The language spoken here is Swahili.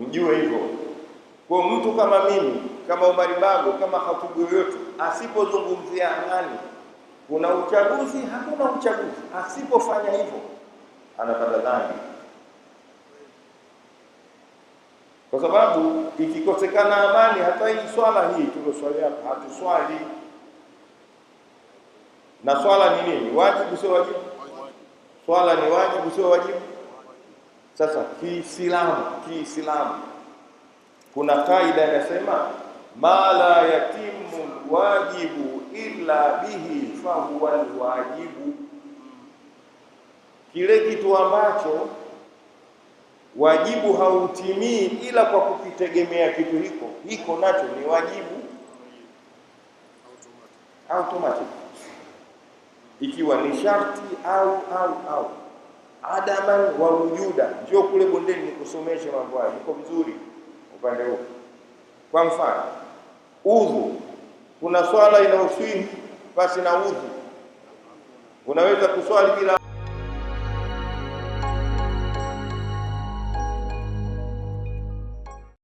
mjue hivyo. Kwa mtu kama mimi kama Omari Bago kama khatibu yoyote asipozungumzia amani, kuna uchaguzi, hakuna uchaguzi, asipofanya hivyo anapata dhambi, kwa sababu ikikosekana amani, hata hii swala hii tulioswali hapa hatuswali. Na swala ni nini? Wajibu sio wajibu? Swala ni wajibu sio wajibu? Sasa kiislamu, kiislamu kuna kaida inasema, ma la yatimu lwajibu illa bihi fahuwa lwajibu, kile kitu ambacho wajibu hautimii ila kwa kukitegemea kitu hiko hiko, nacho ni wajibu automatic, ikiwa ni sharti au au au adaman wa wujuda. Njoo kule bondeni nikusomeshe mambo hayo, niko vizuri upande huo. Kwa mfano udhu, kuna swala inaoswimu pasi na udhu, unaweza kuswali bila